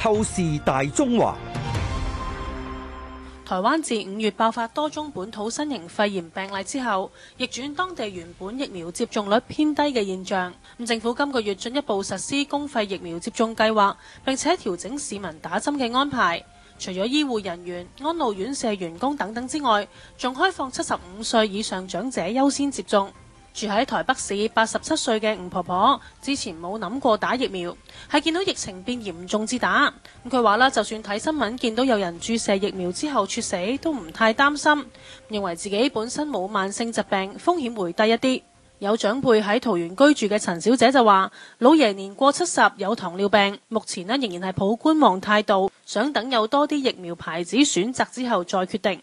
透視大中華。台灣自五月爆發多宗本土新型肺炎病例之後，逆轉當地原本疫苗接種率偏低嘅現象。政府今個月進一步實施公費疫苗接種計劃，並且調整市民打針嘅安排。除咗醫護人員、安老院舍員工等等之外，仲開放七十五歲以上長者優先接種。住喺台北市八十七歲嘅吳婆婆，之前冇諗過打疫苗，係見到疫情變嚴重至打。咁佢話啦，就算睇新聞見到有人注射疫苗之後猝死，都唔太擔心，認為自己本身冇慢性疾病，風險會低一啲。有長輩喺桃園居住嘅陳小姐就話，老爺年過七十，有糖尿病，目前呢仍然係抱觀望態度，想等有多啲疫苗牌子選擇之後再決定。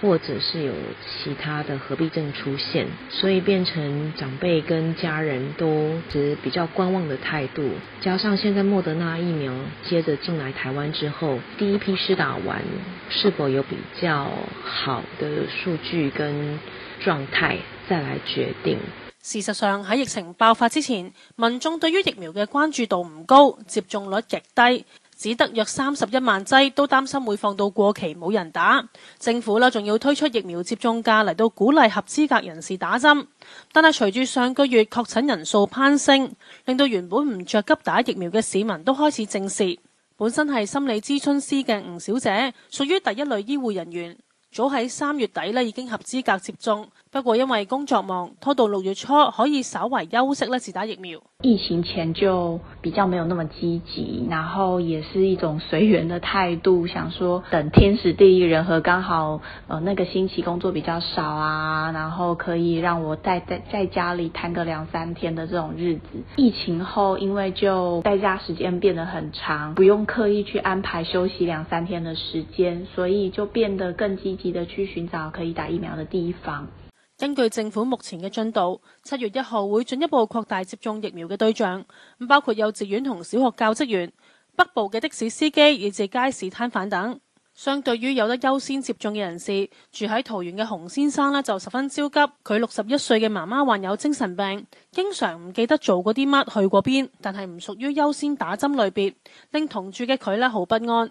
或者是有其他的合併症出現，所以變成長輩跟家人都持比較觀望的態度。加上現在莫德納疫苗接着進來台灣之後，第一批施打完是否有比較好的數據跟狀態，再來決定。事實上，喺疫情爆發之前，民眾對於疫苗嘅關注度唔高，接種率極低。只得約三十一萬劑，都擔心會放到過期冇人打。政府呢仲要推出疫苗接種假嚟到鼓勵合資格人士打針。但係隨住上個月確診人數攀升，令到原本唔著急打疫苗嘅市民都開始正視。本身係心理諮詢師嘅吳小姐，屬於第一類醫護人員，早喺三月底呢已經合資格接種。不過因為工作忙，拖到六月初可以稍微休息咧，試打疫苗。疫情前就比較沒有那麼積極，然後也是一種隨緣的態度，想說等天時地利人和，剛好，呃，那個星期工作比較少啊，然後可以讓我在在在家裏攤個兩三天的這種日子。疫情後，因為就在家時間變得很長，不用刻意去安排休息兩三天的時間，所以就變得更積極的去尋找可以打疫苗的地方。根據政府目前嘅進度，七月一號會進一步擴大接種疫苗嘅對象，包括幼稚園同小學教職員、北部嘅的士司機以至街市攤販等。相對於有得優先接種嘅人士，住喺桃園嘅洪先生呢就十分焦急，佢六十一歲嘅媽媽患有精神病，經常唔記得做過啲乜、去過邊，但係唔屬於優先打針類別，令同住嘅佢呢好不安。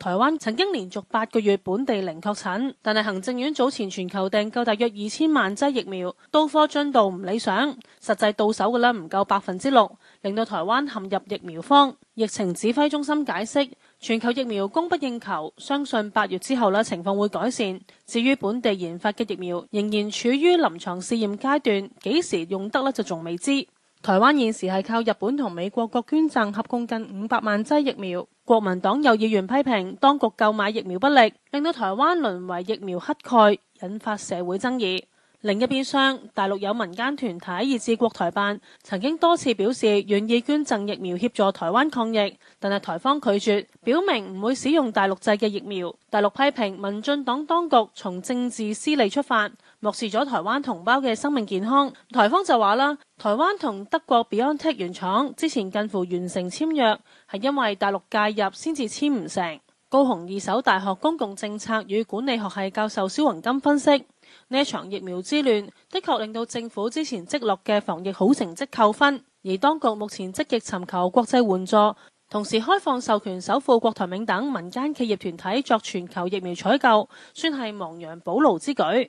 台灣曾經連續八個月本地零確診，但係行政院早前全球訂購大約二千萬劑疫苗，到貨進度唔理想，實際到手嘅呢唔夠百分之六，令到台灣陷入疫苗荒。疫情指揮中心解釋，全球疫苗供不應求，相信八月之後呢情況會改善。至於本地研發嘅疫苗，仍然處於臨床試驗階段，幾時用得呢就仲未知。台灣現時係靠日本同美國各捐贈合共近五百萬劑疫苗，國民黨有議員批評當局購買疫苗不力，令到台灣淪為疫苗乞丐，引發社會爭議。另一邊廂，大陸有民間團體以至國台辦，曾經多次表示願意捐贈疫苗協助台灣抗疫，但係台方拒絕，表明唔會使用大陸製嘅疫苗。大陸批評民進黨當局從政治私利出發。漠視咗台灣同胞嘅生命健康，台方就話啦：台灣同德國 Biontech 原廠之前近乎完成簽約，係因為大陸介入先至簽唔成。高雄二手大學公共政策與管理學系教授蕭宏金分析，呢場疫苗之亂的確令到政府之前積落嘅防疫好成績扣分，而當局目前積極尋求國際援助，同時開放授權首富郭台銘等民間企業團體作全球疫苗採購，算係亡羊補牢之舉。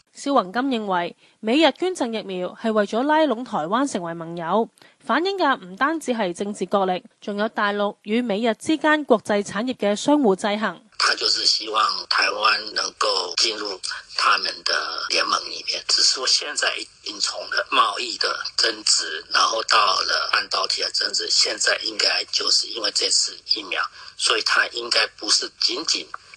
肖宏金認為，美日捐贈疫苗係為咗拉攏台灣成為盟友，反映嘅唔單止係政治角力，仲有大陸與美日之間國際產業嘅相互制衡。他就是希望台灣能夠進入他們的聯盟裏面。只是我現在已經從了貿易的爭執，然後到了半導體的爭執，現在應該就是因為這次疫苗，所以他應該不是僅僅。